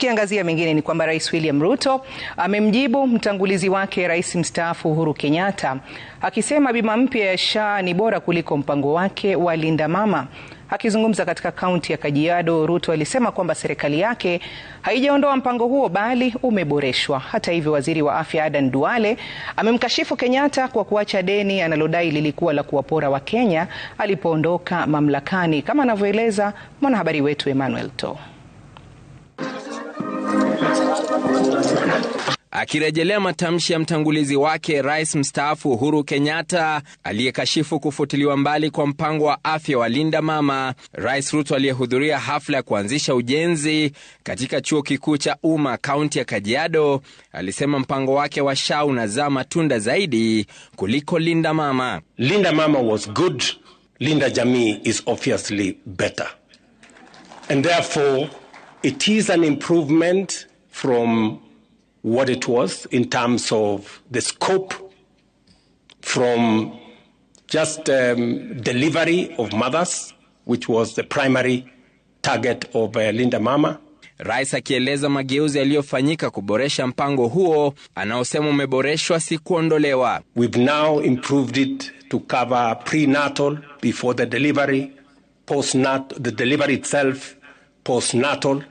Tukiangazia mengine ni kwamba Rais William Ruto amemjibu mtangulizi wake Rais mstaafu Uhuru Kenyatta akisema bima mpya ya SHA ni bora kuliko mpango wake wa Linda Mama. Akizungumza katika kaunti ya Kajiado, Ruto alisema kwamba serikali yake haijaondoa mpango huo bali umeboreshwa. Hata hivyo, waziri wa afya Adan Duale amemkashifu Kenyatta kwa kuacha deni analodai lilikuwa la kuwapora Wakenya alipoondoka mamlakani, kama anavyoeleza mwanahabari wetu Emmanuel To. akirejelea matamshi ya mtangulizi wake rais mstaafu Uhuru Kenyatta aliyekashifu kufutiliwa mbali kwa mpango wa afya wa Linda Mama, Rais Ruto aliyehudhuria hafla ya kuanzisha ujenzi katika chuo kikuu cha umma kaunti ya Kajiado alisema mpango wake wa SHA unazaa matunda zaidi kuliko Linda Mama. Linda Mama was good. Linda Jamii is obviously better. And therefore, it is an improvement from what it was in terms of the scope from just um, delivery of mothers, which was the primary target of uh, Linda Mama. Rais akieleza mageuzi yaliyofanyika kuboresha mpango huo anaosema umeboreshwa si kuondolewa. We've now improved it to cover prenatal before the delivery, postnat the delivery itself, postnatal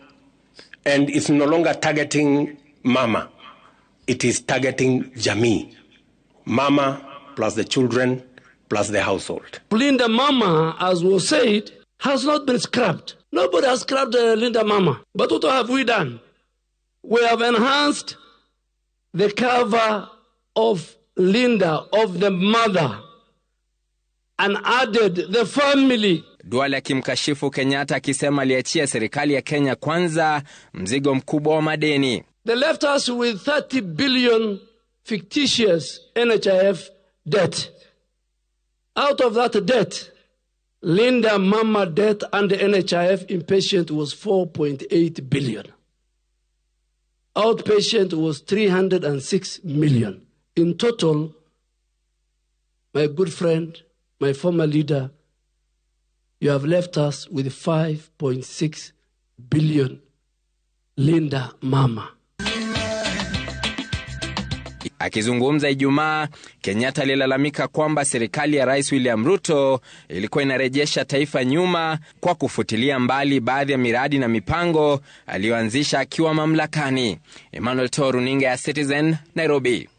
and it's no longer targeting mama it is targeting jamii mama plus the children plus the household linda mama as was said has not been scrapped nobody has scrapped uh, linda mama but what have we done we have enhanced the cover of linda of the mother and added the family Duale akimkashifu Kenyatta akisema aliachia serikali ya Kenya kwanza mzigo mkubwa wa madeni. They left us with 30 billion fictitious NHIF debt. Out of that debt, Linda Mama debt and the NHIF inpatient was 4.8 billion. Outpatient was 306 million. In total, my good friend, my former leader, you have left us with 5.6 billion Linda Mama. Akizungumza Ijumaa, Kenyatta alilalamika kwamba serikali ya Rais William Ruto ilikuwa inarejesha taifa nyuma kwa kufutilia mbali baadhi ya miradi na mipango aliyoanzisha akiwa mamlakani. Emmanuel Toruninga ya Citizen, Nairobi.